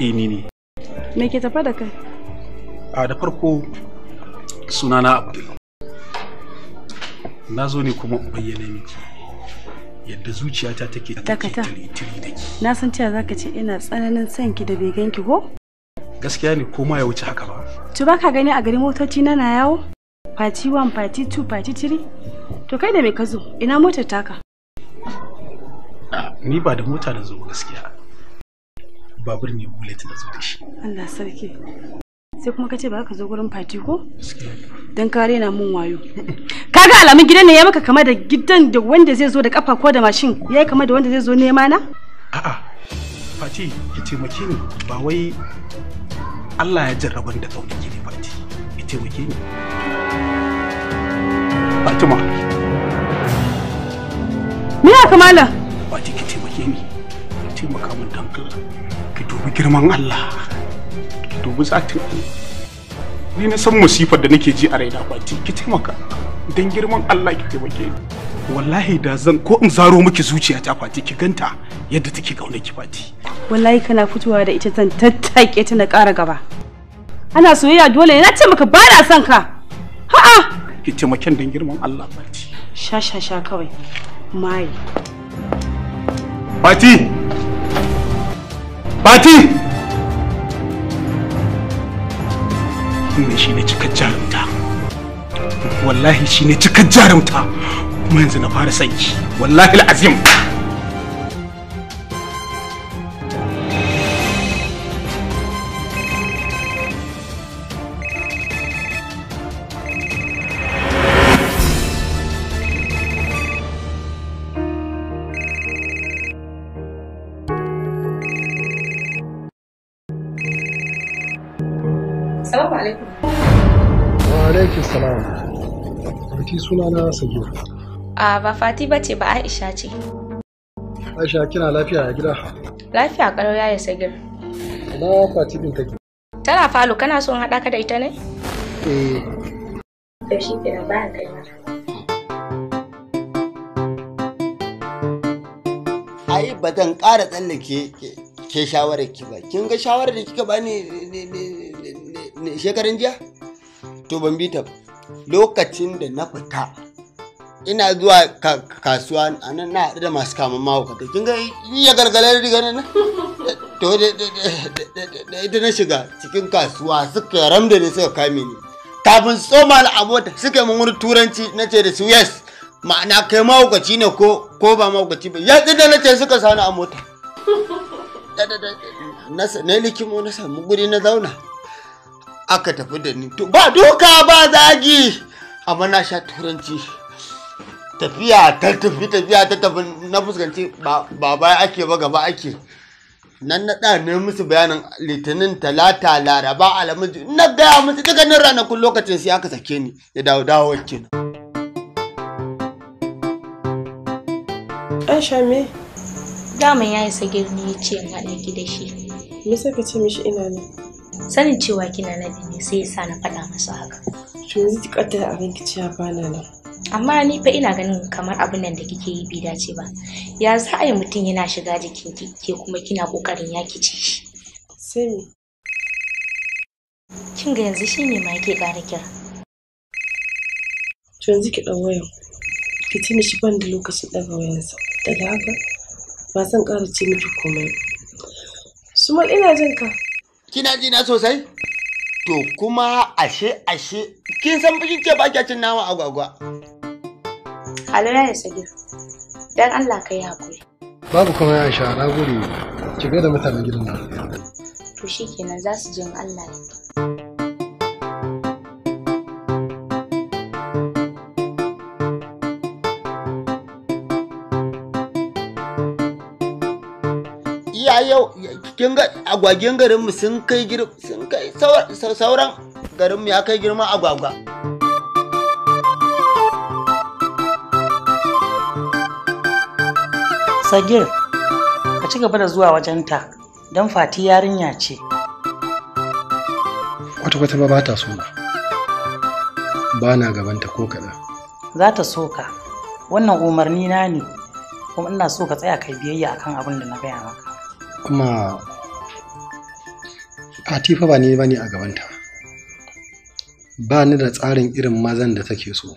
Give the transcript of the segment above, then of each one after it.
eh ni ne me ke tafa da kai a da farko sunana abdul na zo ne kuma bayyana miki yadda zuciyata take dakata na san cewa zaka ce ina tsananin son ki da bai ki ko gaskiya ne ko ma ya wuce haka ba to baka gani a gari motoci na na yawo fati 1 fati 2 fati 3 to kai da me ka zo ina motar taka ni ba da mota da zo gaskiya babur ne bullet na zo da shi Allah sarki sai kuma kace ba ka zo gurin fati ko dan ka rena mun wayo kaga alamun gidan ne ya maka kama da gidan da wanda zai zo da kafa ko da mashin yayi kama da wanda zai zo nema na a'a fati ya taimake ni ba wai Allah ya jarraban da kaunaki ne fati ya taimake ni Fatima Me ya kamala? Fati ki taimake ni. Taimaka min dan Allah. dubi girman Allah dubi zatin ni na san musifar da nake ji a raina ba ki taimaka dan girman Allah ki taimake ni wallahi da zan ko in zaro miki ta fati ki ganta yadda take gauna ki fati wallahi kana fitowa da ita zan tattake ta na ƙara gaba ana soyayya dole ne na ce maka ba na son ka ha'a ki taimaken dan girman Allah fati sha sha sha kawai mai fati Fati! Wannan shi ne cikar jarumta. Wallahi shi ne cikar jarumta. Kuma yanzu na fara sanki. Wallahi al'azim. sunana sabiya a ba fati ba ce ba aisha ce aisha kina lafiya a gida lafiya kalau ya sagir na fati din kake tana falo kana son haɗa ka da ita ne eh to shi kenan ba kai ai ba zan ƙara tsallake ke shawarar ki ba kin ga shawarar da kika bani shekaran jiya to ban bi ta ba lokacin da na fita ina zuwa kasuwa a nan na haɗu da masu kamun mahaukata kin ga ya gargalar riga nan to da ita na shiga cikin kasuwa suka da ne suka kame ni kafin tsoma al'abota suka mun wani turanci na ce da su yes ma'ana kai mahaukaci ne ko ko ba mahaukaci ba ya tsida na ce suka sani a mota na likimo na samu guri na zauna aka tafi da ni to ba doka ba zagi amma na sha turanci tafiya ta tafi tafiya ta tafi na fuskanci ba baya ake ba gaba ake nan na 'da ne musu bayanin litinin talata laraba alhamis na gaya musu daga nan ranakun lokacin sai aka sake ni ya dawo dawo kenan. Aisha me? Daman ya isa girni ya ce in haɗa ki da shi. me ka ce mishi ina nan sanin cewa kina na dini sai ya sa na faɗa masa haka to yanzu ki a abin ki cewa ba na nan amma ni fa ina ganin kamar abin nan da kike yi bai dace ba ya za a yi mutum yana shiga jikin ki ke kuma kina kokarin yaki ce shi sai me kin ga yanzu shine ma yake ƙara kira to yanzu ki ɗau wayan ki ci mishi ban da lokacin ɗaga wayansa daga haka ba zan ƙara ce miki komai Sumul ina jin ka. Kina ji na sosai? To kuma ashe ashe kin san bikin ce ba kya cin nama agwagwa. Halala ya sagir. Dan Allah ka yi hakuri. Babu kuma ya sha na gure. Ki ga da mutanen gidan nan. To shikenan za su jin Allah ya. yau kin garin sun kai sauran garinmu ya kai girman agwagwa sagir ka ci gaba da zuwa wajenta don fati yarinya ce kwata-kwata ba ta so ba. ba na gabanta ko kaɗan za ta so ka wannan umarni na ne kuma ina so ka tsaya kai biyayya akan abin da na gaya maka kuma atifa ba ni ba ne a gabanta ba ni da tsarin irin mazan da take so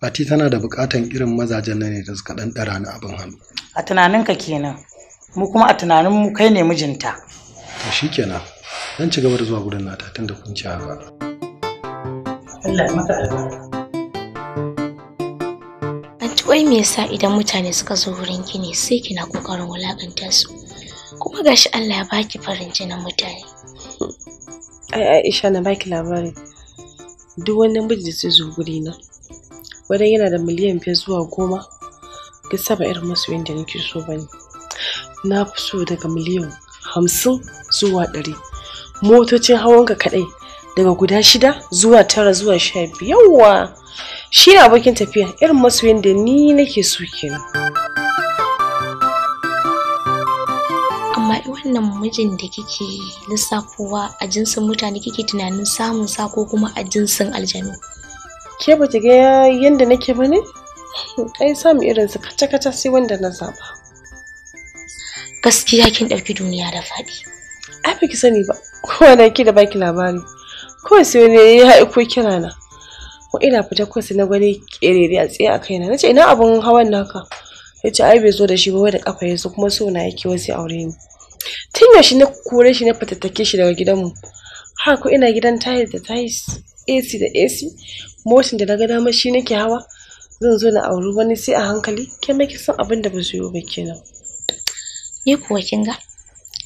Fati tana da bukatan irin mazajen ne da suka dan dara ni abin hannu a tunaninka kenan mu kuma a tunanin mu kai ne mijinta to shikenan zan ci gaba da zuwa gurin nata tunda kun ci haka Allah maka albarka wai me yasa idan mutane suka zo wurin gini sai kina kokarin wulakanta su kuma gashi Allah ya baki farin jinin mutane ai Aisha na baki labari duk wani miji da zai zo guri na wadan yana da miliyan biyar zuwa goma ga saba irin yin da nake so bane na fi so daga miliyan hamsin zuwa ɗari motocin hawanka kaɗai daga guda shida zuwa tara zuwa sha yawa shi ne abokin tafiya irin masoyin da ni nake so kenan amma wannan mijin da kike lissafowa a jinsin mutane kike tunanin samun sako kuma a jinsin aljanu ke ba ta ga yadda nake ba ne kai samun irin su kata-kata sai wanda na zaba gaskiya kin ɗauki duniya da faɗi ai ba ki sani ba kowa na ki da baki labari ko sai wani ya haiko na. ko ina fita kawai sai na gani kerere a tsaye a kaina nace ina abun hawan naka yace ai bai zo da shi ba wai da kafa yazo kuma so na yake wasu aure ni tun yaushe na kore shi na fitattake shi daga gidanmu har ko ina gidan tayis da tayis AC da AC motin da na ga dama shi nake hawa zan zo na auri wani sai a hankali ke maki san abin da ba su yi ba kenan ni kuwa kin ga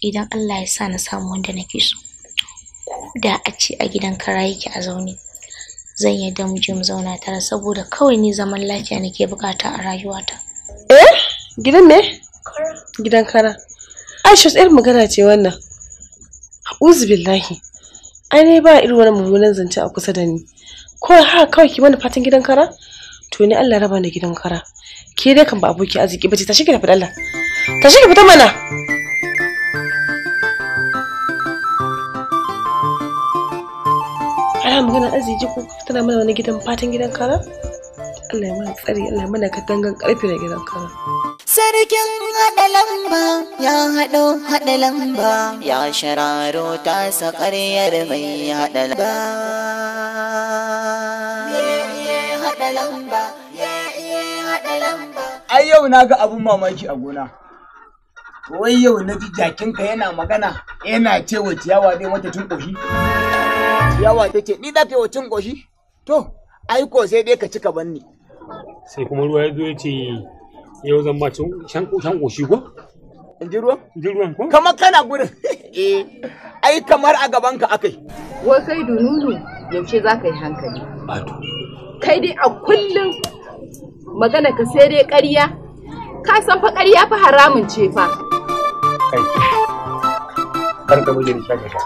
idan Allah ya sa na samu wanda nake so ko da a ce a gidan kara yake a zaune zan yi mu je mu zauna tare saboda kawai ni zaman lafiya nake bukata a rayuwata eh gidan me gidan kara aisha tsayar magana ce wannan uzu billahi ai ne ba irin wani mummunan zance a kusa da ni ko ha kawai ki mana fatan gidan kara to ni Allah raba ni gidan kara ke dai kan ba aboki arziki bace ta shige da fadalla ta shige fita mana mana aziji ko tana mana wani gidan fatan gidan kara Allah ya mana tsari Allah ya mana katangan karfi na gidan kara Sarkin haɗa lamba ya haɗo haɗa lamba ya shararo ta sa ƙaryar mai haɗa lamba haɗa lamba haɗa lamba ai yau na ga abun mamaki a gona wai yau na ji jakinka yana magana yana cewa ciyawa dai mata cin ƙoshi ciyawa ta ce ni za ka yi wa cin ƙoshi to aiko sai dai ka ci ka banni sai kuma ruwa ya zo ya ce yau zan ba shan koshi ko in ji ruwan? in ji ruwan ko kamar kana gurin eh ai kamar a gaban ka akai wai kai dununu yaushe za ka yi hankali kai dai a kullum magana ka sai dai ƙarya ka san fa ƙarya fa haramun ce fa kai kar ka ka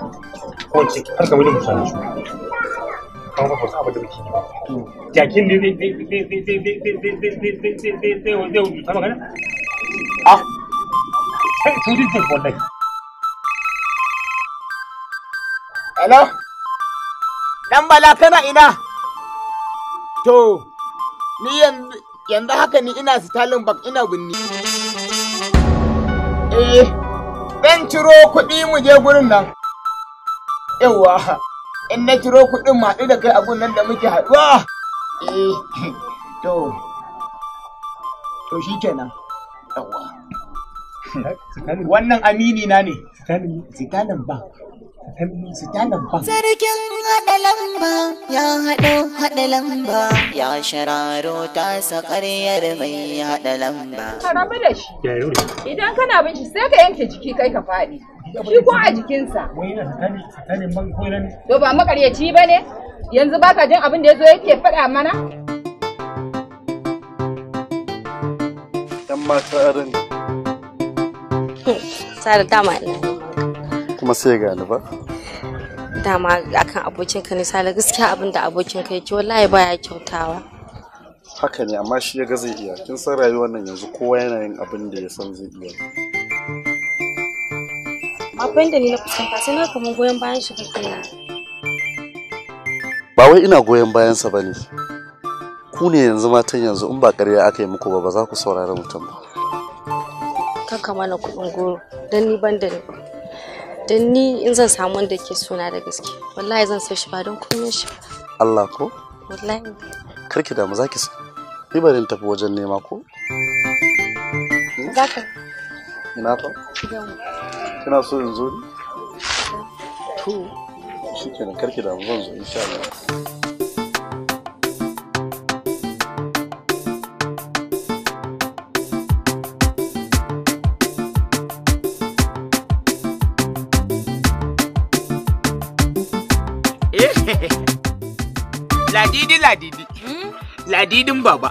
ko ce kar ka su kan kusa da jakin ne zai wuce sai zai hello dan bala kana ina to ni yanzu yanzu haka ni ina stalin bak ina binni eh Zan ciro kuɗi mu je gurin nan. Yawwa, in na ciro kuɗin mu haɗu da kai a nan da muke haɗuwa. Eh, to, to shi kenan. Yawwa. Wannan amini na ne. Sitanin ba. Sarkin haɗa lamba ya haɗo haɗa lamba ya shararo ta sakaryar mai haɗa lamba. da shi. Idan kana bin shi sai ka yanke jiki kai ka faɗi. Shi ko a jikinsa. To ba makaryaci ba ne? Yanzu ba baka jin abin da ya zo yake faɗa mana? Ɗan kuma sai gani ba dama akan abokin ka ne sale gaskiya abin da abokin ka yake wallahi baya kyautawa haka ne amma shi ya zai iya kin san rayuwar nan yanzu kowa yana yin abin da ya san zai iya abin da ni na fuskanta sai na kuma goyon bayan shi kake na ba wai ina goyon bayan sa bane ku ne yanzu matan yanzu in ba ƙarya aka yi muku ba ba za ku saurara mutum ba kan kama na kuɗin goro don ni ban da ni don ni in zan samu wanda ke suna da gaske wallahi zan sai shi ba don komai shi Allah ko wallahi karki damu zaki sa ni bari in tafi wajen nema ko hmm? zaka ina to kina so in zo to shikenan karki damu zan zo insha Allah ladidi ladidi hmm? ladidin baba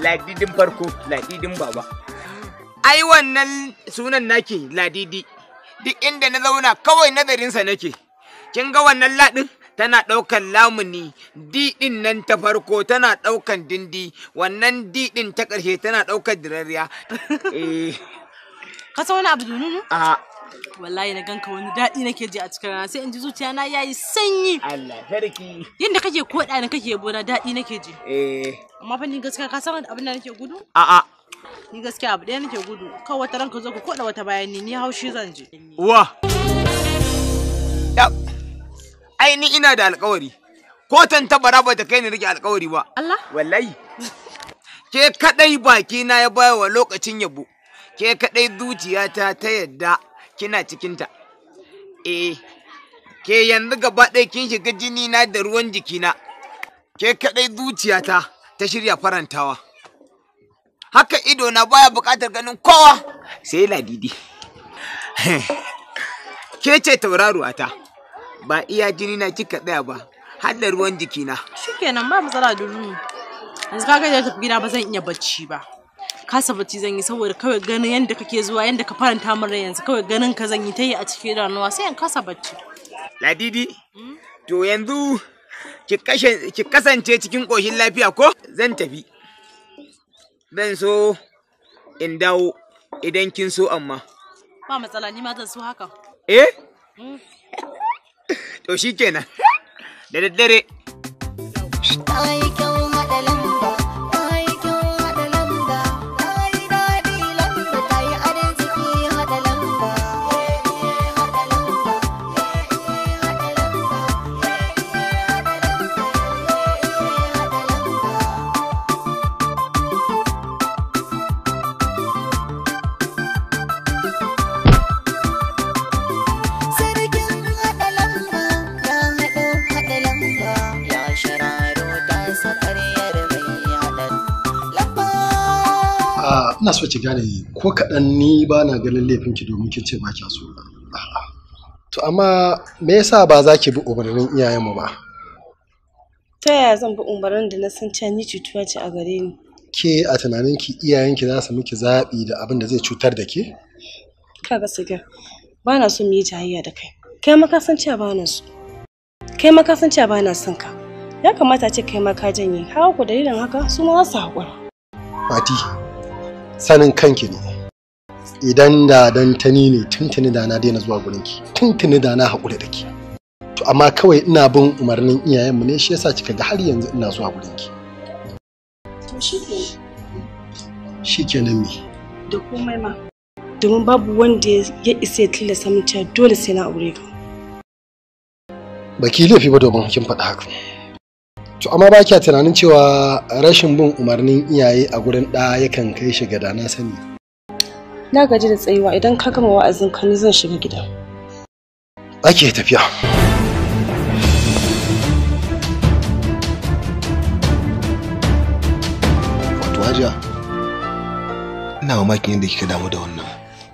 ladidin farko ladidin baba ai wannan sunan nake ladidi duk inda na zauna kawai nazarinsa nake kin ga wannan ladin tana ɗaukan lamuni didin nan ta farko tana ɗaukan dindi wannan didin ta ƙarshe tana ɗaukan dirariya eh. ka sauna abu a wallahi na ganka wani daɗi nake ji a cikin rana sai in ji zuciya na yayi sanyi Allah sarki yanda kake koda na kake bona daɗi nake ji eh amma fa ni gaskiya ka san abin da nake gudu a'a ni gaskiya abu ɗaya nake gudu kawai wata ranka zo ka koda wata bayani ni ni haushi zan je wa ai ni ina da alƙawari ko tantabara baraba ta kai ni rike alƙawari ba Allah wallahi ke kadai baki na ya bayawa lokacin yabo ke kadai zuciyata ta yadda kina cikinta eh ke yanzu gaba ɗaya kin shiga jini na da ruwan jikina ke kaɗai zuciyata ta shirya farantawa haka ido na baya buƙatar ganin kowa sai ladidi ke ce tauraruwata ba iya jini na kika tsaya ba har da ruwan jikina shikenan ba matsala duru yanzu kaga ya tafi gida ba zan iya bacci ba kasa ci zan yi saboda kawai ganin yadda kake zuwa yadda ka faranta min rai yanzu kawai ganin ka zan yi ta yi a cikin ranuwa sai in kasa bacci ladidi hmm? to yanzu ki kasance cikin koshin lafiya ko zan tafi zan so in dawo idan kin so amma ba matsala ni ma zan so haka eh hmm? to shikenan da daddare ta yi kyau ina so ki gane ko kaɗan ni ba na ganin laifinki domin kin ce ba kya so to amma me yasa ba za ki bi umarnin iyayenmu ba ta yaya zan bi umarnin da na san can ni cutuwa ce a gare ni ke a tunanin ki iyayenki za su miki zaɓi da abin da zai cutar da ke kaga sigar ba na so mu yi jayayya da kai kai ma ka san cewa ba na so kai ma ka san cewa ba na son ka ya kamata ce kai ma ka janye haka ku dalilin haka su ma za su haƙura Fati, sanin kanki ne idan da dan tani ne tuntuni da na daina zuwa gurinki tuntuni da na haƙura da ki to amma kawai ina bin umarnin iyayenmu ne shi yasa kika ga har yanzu ina zuwa gurinki to shi nan me da komai ma domin babu wanda ya isa ya tilasta mun cewa dole sai na aure ka baki laifi ba domin kin faɗa haka to amma ba kya tunanin cewa rashin bin umarnin iyaye a gurin ɗa yakan kai shi ga dana sani na gaji da tsayuwa idan ka gama wa'azin ka ni zan shiga gida ake tafiya wato hajiya ina mamakin yadda kika damu da wannan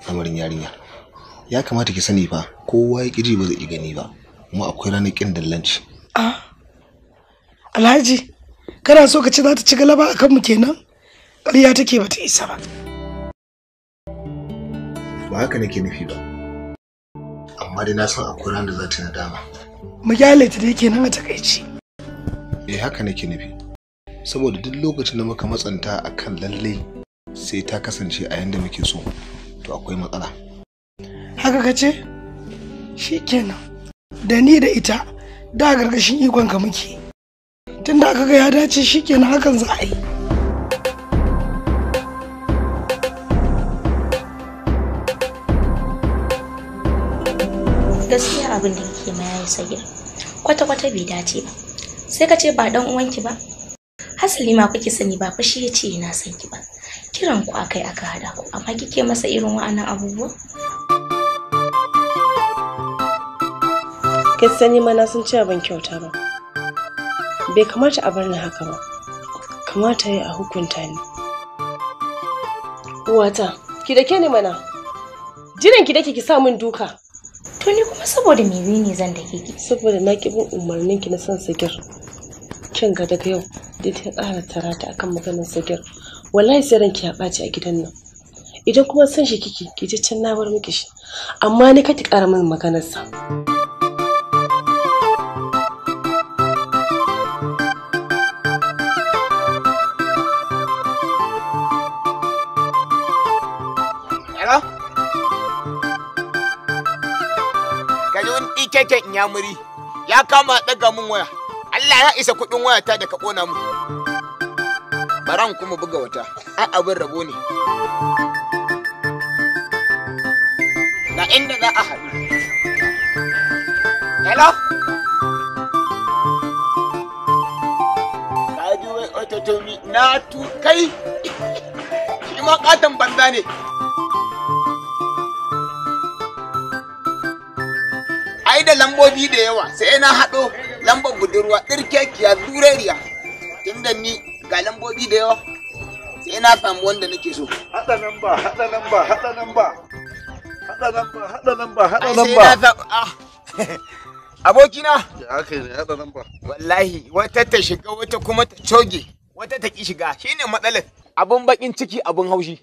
lamarin yarinya ya kamata ki sani fa kowa ya ƙiji ba zai gani ba kuma akwai ranar ƙin dallanci ah alhaji kana so ka ce za ta ci galaba a kanmu kenan ƙarya take ba ta isa ba ba haka nake nufi ba amma dai na san akwai ran da za ta nadama mu gyale ta dai kenan a takaici eh haka nake nufi saboda duk lokacin da muka matsanta akan lalle sai ta kasance a yanda muke so to akwai matsala haka ka ce shikenan da ni da ita da gargashin ikonka muke tun da aka ga ya dace shi ke na hakan za a yi gaskiya abin da kike ma ya sagira kwata-kwata bai dace ba sai ka ce ba dan uwanki ba hasali ma kuke sani ba fa shi ce yana son ki ba kiran ku akai aka hada ku amma kike masa irin wa'annan abubuwa kin sani mana sun ce ban kyauta ba bai kamata a bar haka ba kamata ya a hukunta ni uwata ki dake ni mana jiran ki dake ki sa min duka to ni kuma saboda me ne zan dake ki saboda na ki bin umarnin ki na san sigir kin ga daga yau da ta ƙara tarata akan maganar sigir wallahi sai ranki ya ɓaci a gidan nan idan kuma san shi kike ki je can na bar miki shi amma ni ka ki ƙara min maganarsa. sa keken inyamuri ya kama daga mun waya Allah ya isa kuɗin wayata da ka ƙona mu baran kuma buga wata ai abin rabo ne ga inda za a haɗu hello ka ji wai na tu kai shi ma katon banza ne da lambobi da yawa sai na haɗo lambar budurwa ɗirkekiya durariya tunda ni ga lambobi da yawa sai na samu wanda nake so haɗa lamba haɗa lamba haɗa lamba haɗa lamba haɗa lamba haɗa lamba ah. abokina ya aka ne haɗa lamba wallahi wata ta shiga wata kuma ta coge wata ta ki shiga shine matsalar abun bakin ciki abun haushi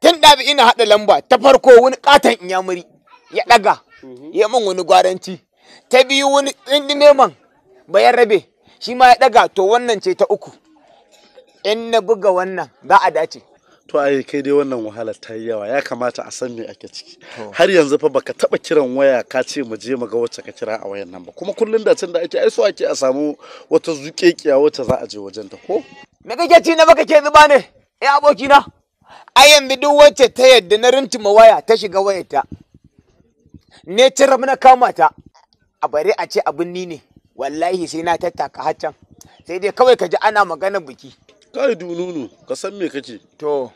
tun da ina haɗa lamba ta farko wani katon inyamuri ya ɗaga Mm-hmm. ya man wani gwaranci ta biyu wani tsindime neman bayan rabe shi ma ya daga to wannan ce ta uku in na buga wannan za a dace to ai kai dai wannan wahala ta yi yawa ya kamata a san me ake ciki har yanzu fa baka taba kiran waya ka ce mu je mu ga wacce ka kira a wayan nan ba kuma kullun da tun da ake ai so ake a samu wata zuƙeƙiya wacce za a je wajen ta ko me kake ci na baka ke zuba ne eh aboki na ai yanzu duk wacce ta yadda na rintuma waya ta shiga ta ne cire na kama ta a bari a ce abin ni ne wallahi sai na tattaka haccan sai dai kawai ka ji ana magana biki kai dununu ka san me kace to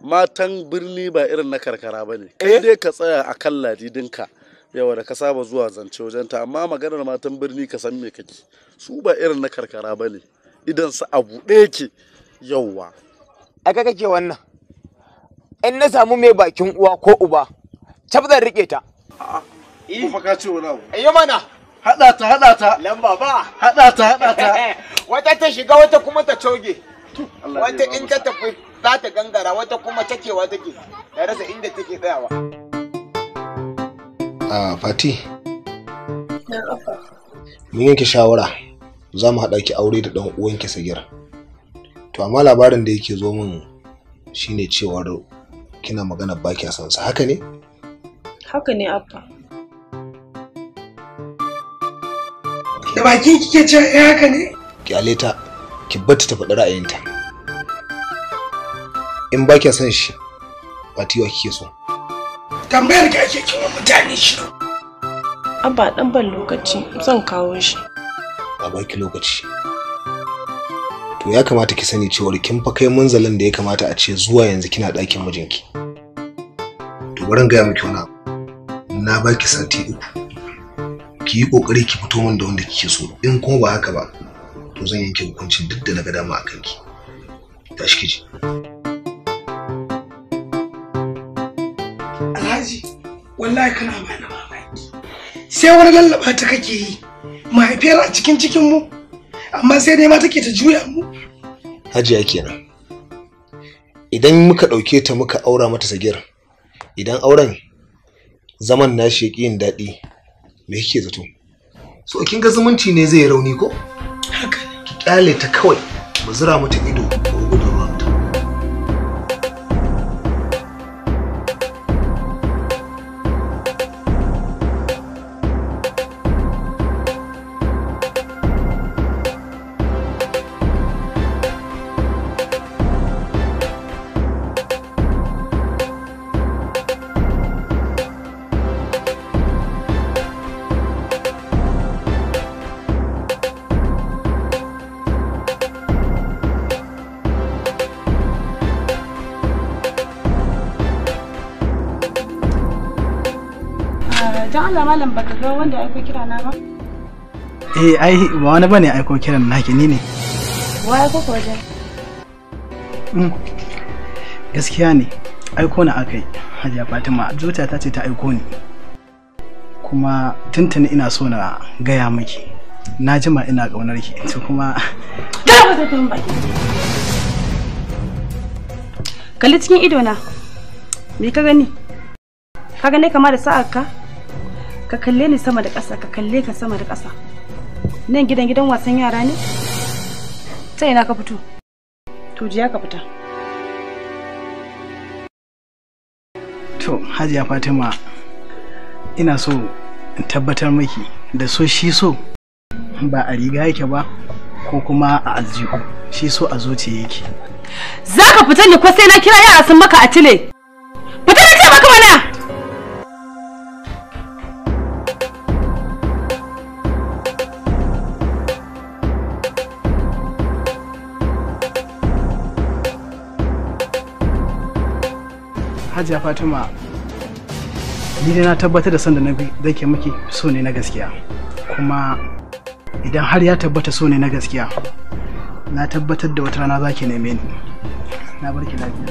matan birni ba irin na karkara ba ne kai eh? dai ka tsaya a kan ladidinka yawa da ka saba zuwa zance wajenta amma maganar matan birni ka san me kake su ba irin na karkara ba ne idan su a buɗe yake yauwa a kake wannan in na samu mai bakin uwa ko uba tab zan rike ta Kuma ka ce wani abu. Ayi eh, mana. Haɗa ta haɗa ta. Lamba ba. Haɗa ta haɗa ta. Wata ta shiga wata kuma ta coge. Wata in ta tafi za ta gangara wata kuma cakewa take. Ta rasa inda take tsayawa. A Fati. Mun yanke shawara za mu haɗa ki aure da ɗan uwanki Sagir. To amma labarin da yake zo min shine cewar kina magana ba kya sansa haka ne? haka ne abba da baki kike ce eh haka ne kyale ta ki bata ta faɗi ra'ayinta in ba kya son shi ba tiwa kike so tambayar ki ake kin mutane shi abba dan ban lokaci zan kawo shi a baki lokaci to ya kamata ki sani cewar kin fa kai munzalin da ya kamata a ce zuwa yanzu kina ɗakin mijinki to bari gaya miki wani abu na baki sati uku ki yi kokari ki fito min da wanda kike so in ko ba haka ba to zan yanke hukuncin duk da na ga dama a kanki tashi ki ji alhaji wallahi kana ba na mamaki sai wani lallaba ta kake yi mahaifiyar a cikin cikin mu amma sai dai ma take ta juya mu hajiya kenan idan muka ɗauke ta muka aura mata sagir idan auren zaman na shi yin daɗi me yake zato so kin zumunci ne zai rauni ko haka ki kyale ta kawai mu zura mata ido ga wanda aiko kira na ba eh ai ba wani bane aiko kiran naki ni ne wa aiko ko wajen mm. gaskiya ne aiko na akai hajiya fatima zuciya ta ce ta aiko ni kuma tuntuni ina so na gaya miki na jima ina ƙaunar ki to kuma kalli cikin ido na me ka gani ka gane kama da sa'a ka ka kalle ni sama da ƙasa ka kalle ka sama da ƙasa nan gidan gidan wasan yara ne ta ina ka fito tujiya ka fita to hajiya fatima ina so in tabbatar miki da so shi so ba a riga yake ba ko kuma a aljihu shi so a zuciya yake za ka fita ne ko sai na kira yara sun maka a tile hajiya fatima ni dai na tabbatar da sanda na bi da ke miki so ne na gaskiya kuma idan har ya tabbata so ne na gaskiya na tabbatar da wata rana za ki neme ni na barki lafiya na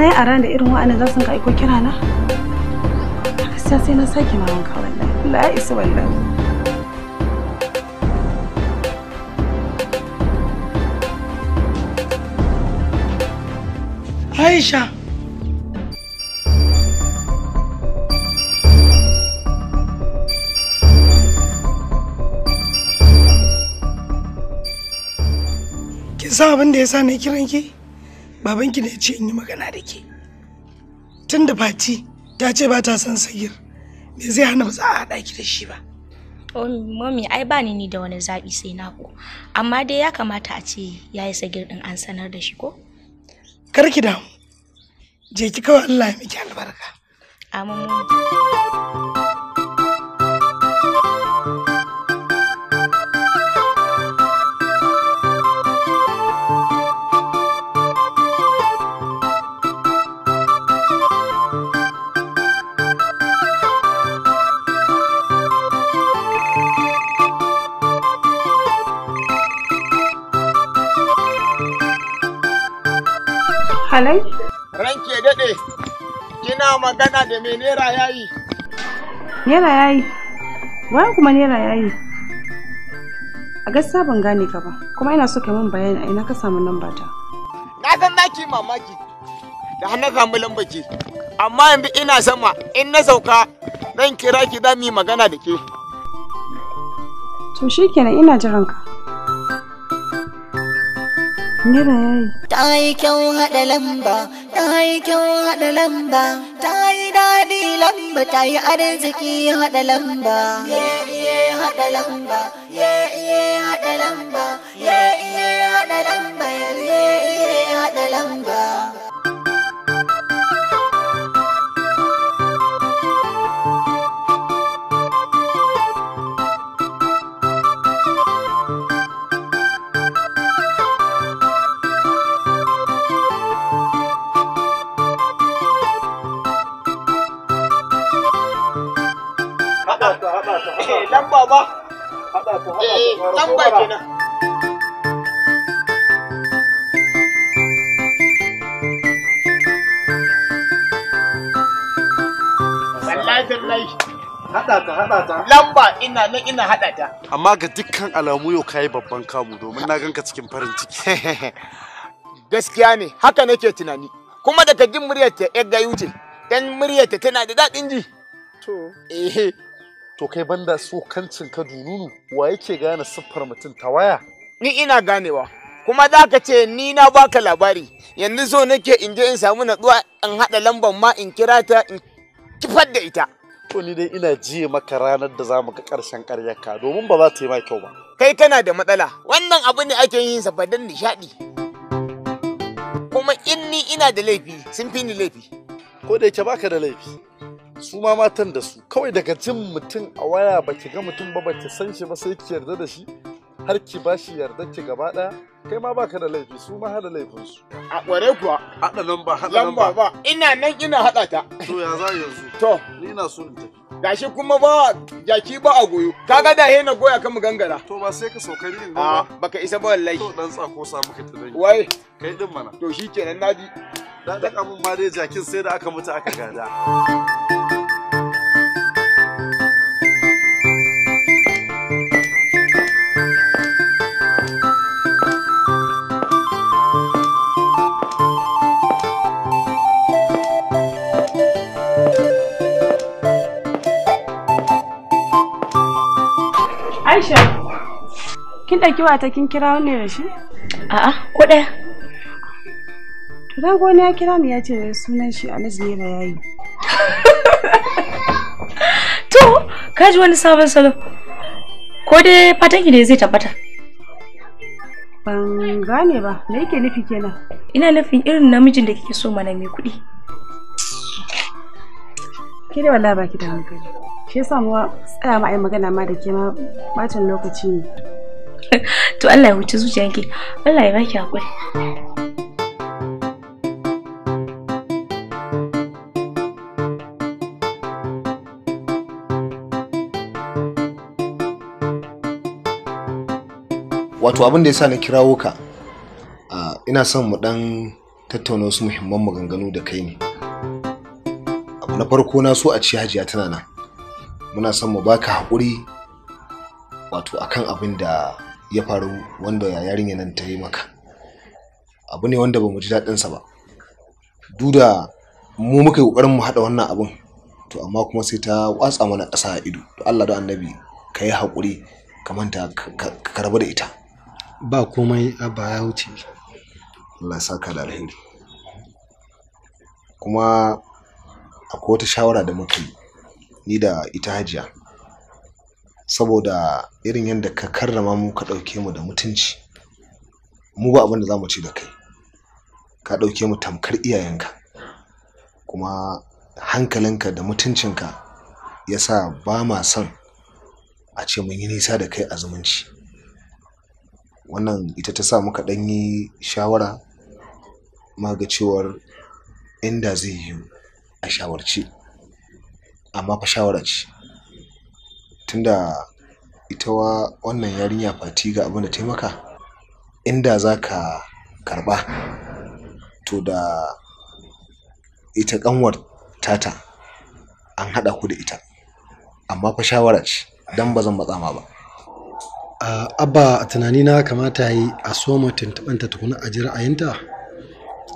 yi a da irin wa'annan za su aiko kira na? gaskiya sai na sake ma wanka wallahi Allah isa wallahi Aisha Kin san abin da ya sa na kiran ki? Babanki ne ya ce in yi magana da ke. Tun da fati ta ce ba ta son sayir me zai hana ba za a haɗa ki da shi ba mami ai ba ni da wani zaɓi sai naku amma dai ya kamata a ce ya yi sagir ɗin an sanar da shi ko kar ki damu je ki kawai Allah ya miki albarka alai? Ranke daɗe, kina magana da me nera yayi. Nera yayi? Wayan kuma nera yayi? A gaskiya ban gane ka ba, kuma ina so ka min bayani a ina ka samu lamba ta. Na san naki mamaki da hannun samu lamba ke, amma yanzu ina sama in na sauka zan kira ki za mi magana da ke. To shikenan ina jiran ka. Naira yayi. Ta yi kyau haɗa lamba, ta yi kyau haɗa lamba, ta yi daɗi lamba, ta yi arziki haɗa lamba. Ye iye haɗa lamba, ye iye haɗa lamba, ye iye haɗa lamba, ye iye haɗa lamba. lamba ba haɗa ta haɗa ta lamba eh, kenan wallahi haɗa ta haɗa ta lamba ina nan ina haɗa ta amma ga dukkan alamu yau kayi babban kamu domin na ganka cikin farin ciki gaskiya ne haka nake tunani kuma daga jin muryarta yar gayuce dan ta tana da daɗin ji to eh to kai banda so kancin ka dununu wa yake gane siffar mutum ta waya ni ina ganewa kuma za ka ce ni na baka labari yanzu so nake in je in samu natsuwa in haɗa lambar ma in kira ta in kifar da ita to ni dai ina jiye maka ranar da zamu ga ƙarshen ƙaryarka domin ba za ta yi ma kyau ba kai kana da matsala wannan abu ne ake yin sa fadan nishaɗi kuma in ni ina da laifi sun fi ni laifi ko da yake baka da laifi su ma matan da su kawai daga jin mutum a waya ba ki ga mutum ba ba ki san shi ba sai ki yarda da shi har ki ba shi yarda ki gaba daya kai ma baka da laifi su ma hada laifin su a kware kuwa hada lamba hada lamba ba ina nan ina hada ta to ya za yanzu to ni na so in tafi gashi kuma ba jaki ba a goyo kaga da hena goya kan mu gangara to ba sai ka saukari in ba baka isa ba wallahi to dan tsako sa muka ta dangi wai kai din mana to shikenan naji da da kamun ma dai jakin sai da aka mutu aka gada Aisha, kin ɗauki wata kin kira wani da shi? A'a, ko ɗaya. Tudan ya kira ni ya ce sunan shi Alhaji Nera yayi. To, kaji wani sabon salo. Ko dai fatan ki ne zai tabbata. Ban gane ba, me yake nufi kenan? Ina nufin irin namijin da kike so mana mai kuɗi. Ki da wallahi baki da hankali. Shi yasa mu tsaya mu ayi magana ma da ke ma bacin lokaci ne. To Allah ya huce zuciyanki. Allah ya baki hakuri. Wato abin da ya sa na kirawo ka ina son mu dan tattauna wasu muhimman maganganu da kai ne. na farko na so a ci hajiya tana nan muna son mu baka haƙuri wato akan abin da ya faru wanda yarinya nan ta yi maka abu ne wanda bamu mu ji daɗinsa ba duda mu muka yi ƙoƙarin mu haɗa wannan abin to amma kuma sai ta watsa mana ƙasa a ido to Allah da annabi ka yi haƙuri ka manta ka rabu da ita ba komai a baya wuce Allah ya saka da alheri kuma akwai wata shawara da muka yi ni da ita hajiya saboda irin yadda ka karrama mu ka ɗauke mu da mutunci mu ba abin da za mu ci da kai ka ɗauke mu tamkar iyayenka kuma hankalinka da mutuncinka ya sa ba ma son a ce mun yi nisa da kai a zumunci wannan ita ta sa muka ɗan yi shawara maga ga cewar inda zai yiwu a shawarci, amma fa shawara ce tunda ita wa wannan yarinya fati ga abin da taimaka. inda za ka karɓa to da ita ƙanwar tata an haɗa ku da ita amma fa shawara ce don ba zan matsa ma ba abba a na kamata yi a soma tuntuɓanta tukuna a ji ra'ayinta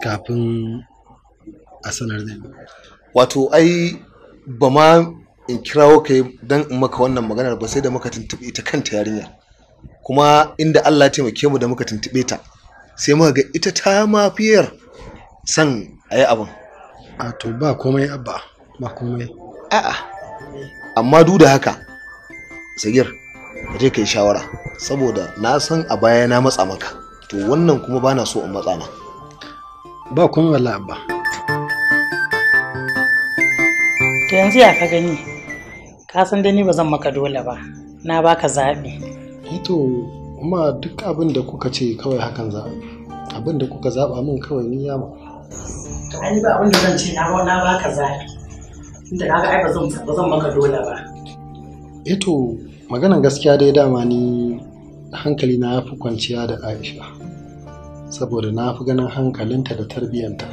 kafin a sanar da wato ai ba ma in kirawo kai dan in maka wannan maganar ba sai da muka tuntuɓe ita kanta yarinya kuma inda Allah taimake mu da muka tuntuɓe ta sai muka ga ita ta mafiyar san a yi abin a to ba komai abba ba komai a'a amma duk da haka sagir ka je kai shawara saboda na san a baya na matsa maka to wannan kuma bana so in matsa ma ba komai wallahi abba to yanzu ya ka gani ka san dai ni ba zan maka dole ba na baka zaɓi ito eh kuma duk abin da kuka ce kawai hakan za abin da kuka zaɓa min kawai ni ya to ai ba abin da zan ce na ba na baka zaɓi inda ka ga ai ba zan ba zan maka dole ba ito eh maganan gaskiya dai dama ni hankali na fi kwanciya da Aisha saboda na fi ganin hankalinta da tarbiyyanta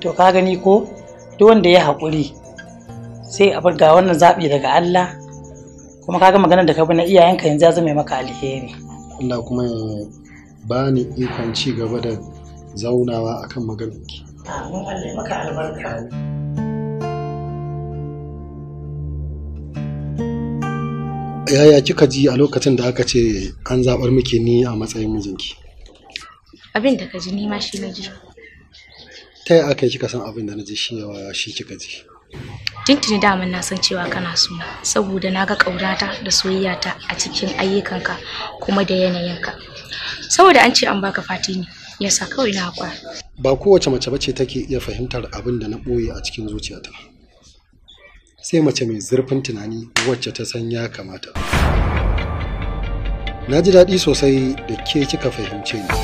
to ka gani ko duk wanda ya haƙuri sai a ga wannan zaɓi daga Allah kuma kaga maganar da ka bi na iyayenka yanzu ya zama maka alheri Allah kuma ya ba ni ikon ci gaba da zaunawa akan maganar ki amin Allah ya maka albarka yaya kika ji a lokacin da aka ce an zabar miki ni a matsayin mijinki abin da ka ji ni ma shi na ji ta yi aka yi kika san abin da na ji shi yawa shi kika ji tuntuni daman na san cewa kana so saboda na ga ƙaunata da soyayyata a cikin ayyukanka kuma da yanayinka saboda an ce an baka fatini yasa kawai na haƙura ba kowace mace bace take iya fahimtar abin da na ɓoye a cikin zuciyata sai mace mai zurfin tunani wacce ta san ya kamata na ji daɗi sosai da ke kika fahimce ni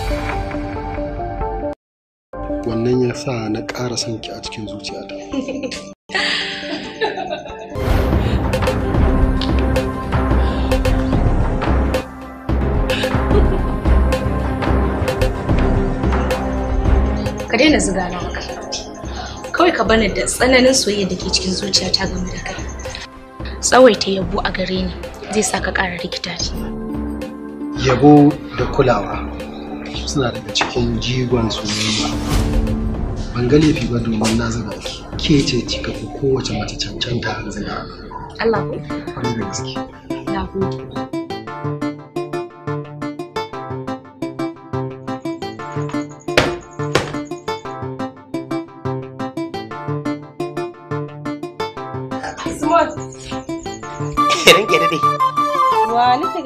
wannan ya sa na ƙara son ki a cikin zuciyata ka daina zuga na maka kawai ka bani da tsananin soyayya da ke cikin zuciyata game da kai tsawaita yabo a gare ni zai sa ka ƙara rikita ce yabo da kulawa suna daga cikin jigon soyayya ban ga laifi ba domin na zuga ki ke ce kika fi kowace mace cancanta zuga Allah ku. Allah ku.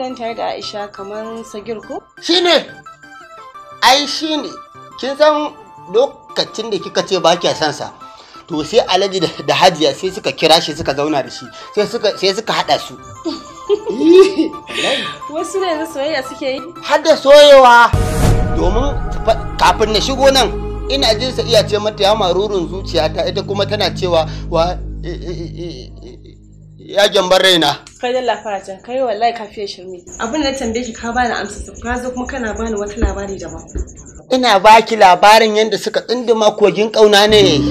gan tare da Aisha kamar sagir ko? ne Ai shi ne Kin san lokacin da kika ce ba kya sansa sa. To sai Alhaji da Hajiya sai suka kira shi suka zauna da shi. Sai suka sai suka hada su. Wasu ne da soyayya suke yi? Hada soyewa. Domin kafin na shigo nan ina jin sa iya ce mata ya marurun zuciyata ita kuma tana cewa wa eh, eh, eh, ya jambar raina kai da lafaracin kai wallahi ka fiye shirme abin da tambaye shi ka bani amsa ka zo kuma kana bani wata labari daban ina baki labarin yadda suka tsinduma kogin kauna ne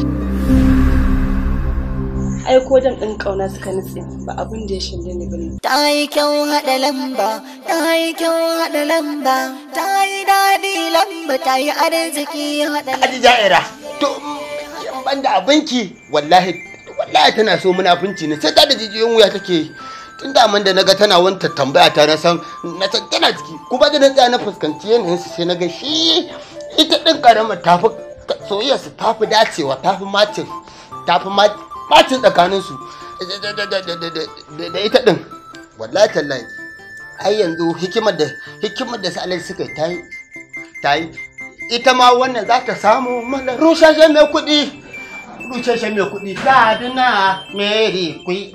ai ko dan din kauna suka nutse ba abin da ya shinde ni bane ta yi kyau hada lamba ta yi kyau hada lamba ta yi dadi lamba ta yi arziki hada lamba aji ja'ira to ban da abinki wallahi wallahi tana so munafunci ne sai ta da jijiyoyin wuya take tun da da naga tana wanta tambaya ta na san na san tana ciki kuma da na tsaya na fuskanci yanayin su sai naga shi ita din karama tafi soyayya su dacewa tafi macin macin tsakanin su da ita din wallahi tallahi ai yanzu hikimar da hikimar da suka yi ta yi ita ma wannan zata ta samu mana rushashe mai kuɗi kudu ce shan mai kudi saduna mary kui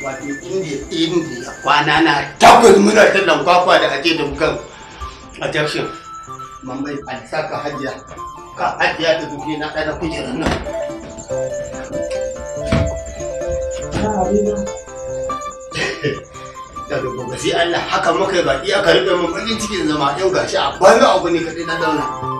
wato inda inda kwana na takwas muna ta lankwakwa da ake da bukan a jakshin mambai alisa ka hajiya ka hajiya ta dubi na ɗana kujerar nan daga gobe sai Allah haka muka yi baki aka rufe mun bakin cikin zama yau gashi a banza abu ne kaɗai na zauna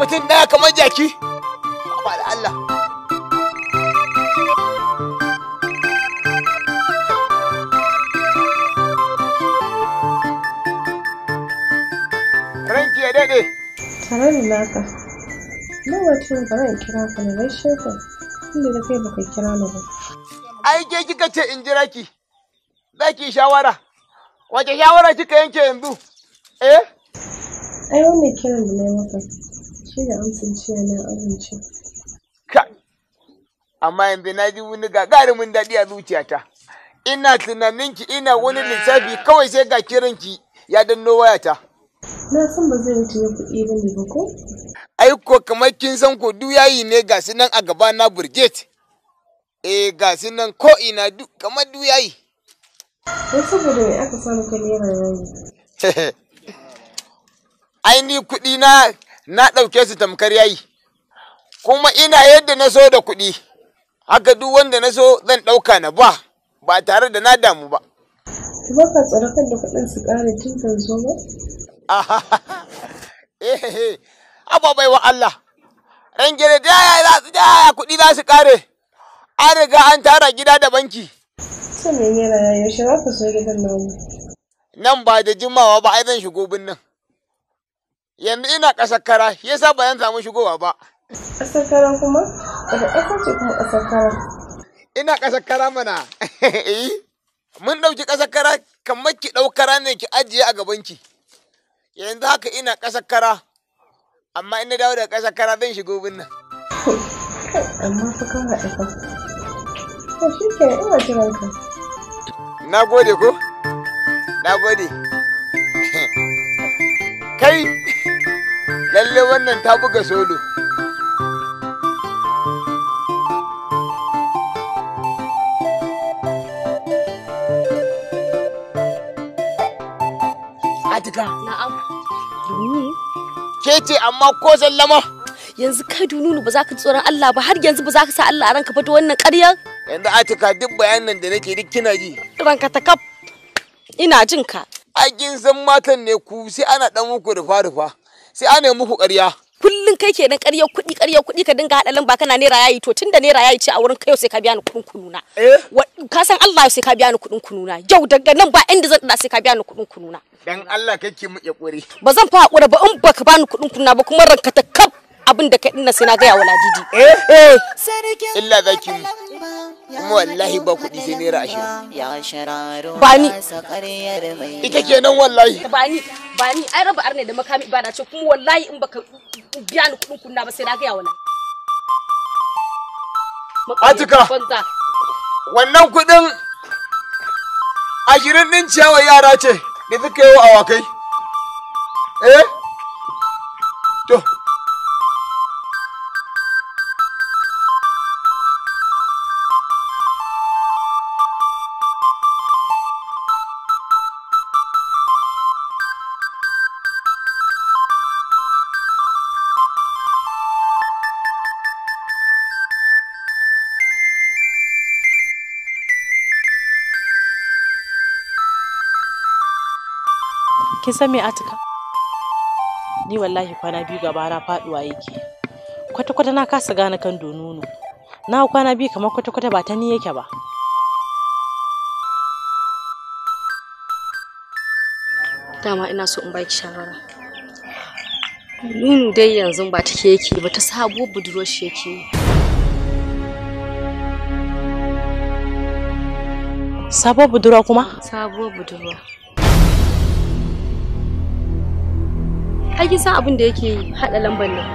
mutum ɗaya kamar jaki Amma da Allah ranki ya daɗe tare da naka lokacin da ran kira ka na gaishe ka inda da kai baka kira ni ba ai ke kika ce in jira ki za ki shawara wace shawara kika yanke yanzu eh ai wannan kiran da na yi maka shi da amsan cewa na amince amma yanzu na ji wani gagarumin daɗi a zuciyata ina tunaninki ina wani lissafi kawai sai ga kiranki ya danno wayata na san ba zai wuce kuɗi ba ne ba ko ai ko kamar kin san ko du yayi ne ga nan a gaba na burget eh ga nan ko ina du kamar du yayi sai saboda me aka samu ka naira yayi ai ni kuɗi na na ɗauke su tamkar yayi kuma ina yadda na so da kuɗi haka duk wanda na so zan ɗauka na ba ba tare da na damu ba ki ba ka tsara kan da kuɗin su ƙara tun kan so ba eh, eh, eh. ababai wa Allah ran gire da ya za su da kuɗi za su ƙare an riga an tara gida da banki sannan yana yaushe za ka so gidan nan nan ba da jimawa ba ai zan shigo binnan yanzu ina ƙasar kara shi yasa ba zan samu shigowa ba ƙasar kara kuma daga ƙasar ce kuma ƙasar kara ina ƙasar kara mana eh mun ɗauki ƙasar kara kamar ki ɗau kara ne ki ajiye a gaban ki yanzu haka ina ƙasar kara amma ina dawo daga ƙasar kara zan shigo bin nan amma fa kan haɗa fa to shi ke ina jiran ka na gode ko na gode kai lalle wannan ta buga solo Atika. Na'am. Ke ce amma ko sallama. Yanzu kai dununu ba za ka tsoron Allah ba har yanzu ba za ka sa Allah a ranka ba da wannan ƙarya Yanzu Atika duk bayanan da nake duk kina ji. Ranka ta kaf. Ina jin ka. Akin san matan ne ku sai ana dan muku rufa rufa. sai a nemi muku ƙarya kullun kai ke dan ƙarya kuɗi ƙarya kuɗi ka dinga haɗa lamba kana naira yayi to tunda naira yayi ce a wurin kai sai ka biya ni kuɗin kununa eh? ka san Allah sai ka biya ni kuɗin kununa yau daga nan ba inda zan da sai ka biya ni kuɗin kununa dan Allah kake mu ya ƙure ba zan fa haƙura ba in baka bani kuɗin kununa ba kuma ranka ta kab abin da kai sai na ga ya wala didi eh eh illa zaki mu kuma wallahi ba kuɗi sai naira ashirin ba ni ita kenan wallahi ba ni ba ni ai raba arne da makami ba na ce kuma wallahi in baka biya ni kuɗin kunna ba sai na gaya wala Atika wannan kuɗin ashirin ɗin ciyawa yara ce da suka yi wa awakai eh to kin san me atika ni wallahi kwana biyu gaba na faduwa yake kwata kwata na kasa gane kan donono na kwana biyu kamar kwata kwata ba ta ni yake ba dama ina so in baki shawara Nunu dai yanzu ba take yake ba ta sabuwar budurwar shi yake. Sabuwar budurwa kuma? Sabuwar budurwa. Ai san abin da yake hada lambar nan.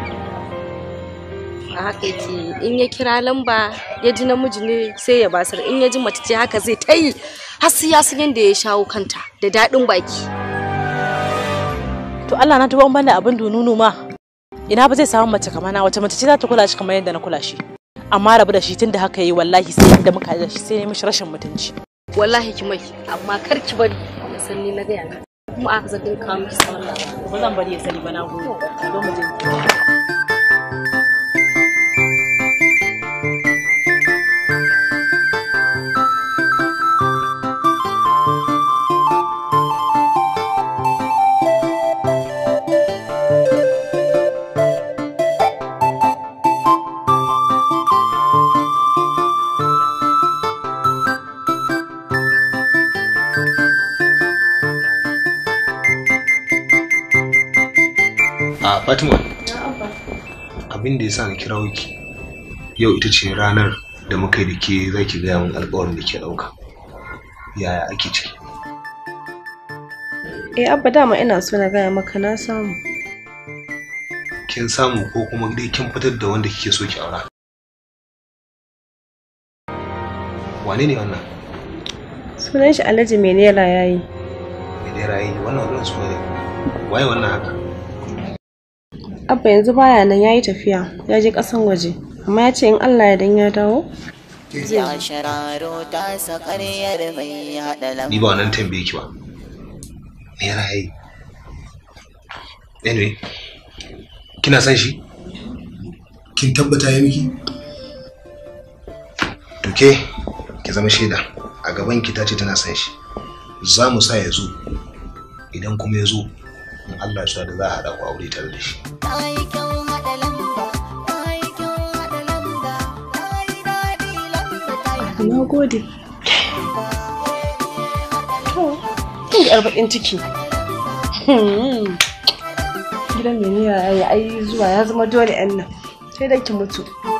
A haka yake in ya kira lamba ya ji namiji ne sai ya basar in ya ji mace ce haka zai ta yi har sai ya san yadda ya shawo kanta da daɗin baki. To Allah na tuba banda abin da nunu ma. Ina ba zai samu mace kamar na wace mace ce za ta kula shi kamar yadda na kula shi. Amma rabu da shi tun da haka yi wallahi sai inda muka da shi sai mishi rashin mutunci. Wallahi ki mai amma kar ki bari na san na gaya kuma aka zan dinka sauran ba zan bari ya sani ba na gode zo mu je fatima abin da ya sa na kira ki yau ita ce ranar da muka yi da ke za ki gaya min alkawarin da ke ɗauka yaya ake ciki eh abba dama ina so na gaya maka na samu kin samu ko kuma dai kin fitar da wanda kike so ki aura wane ne wannan sunan shi alhaji menera yayi menera yayi wannan wannan sunan waye wannan haka Abba yanzu baya nan yayi tafiya, ya je kasan waje, amma ya ce in Allah ya dan ya dawo. Ni ba nan tambaye ki ba. Me yana yi? Anyway, kina san shi? Kin tabbata ya miki? ke ki zama shaida. A gaban ki ta ce tana san shi. Za mu sa ya zo. Idan kuma ya zo, in Allah ya da za a haɗa ku aure tare da shi. Na gode. kin ga arba'in ciki. Hmm. Gidan mai niya ya yi zuwa ya zama dole 'yan nan. Sai da ki mutu.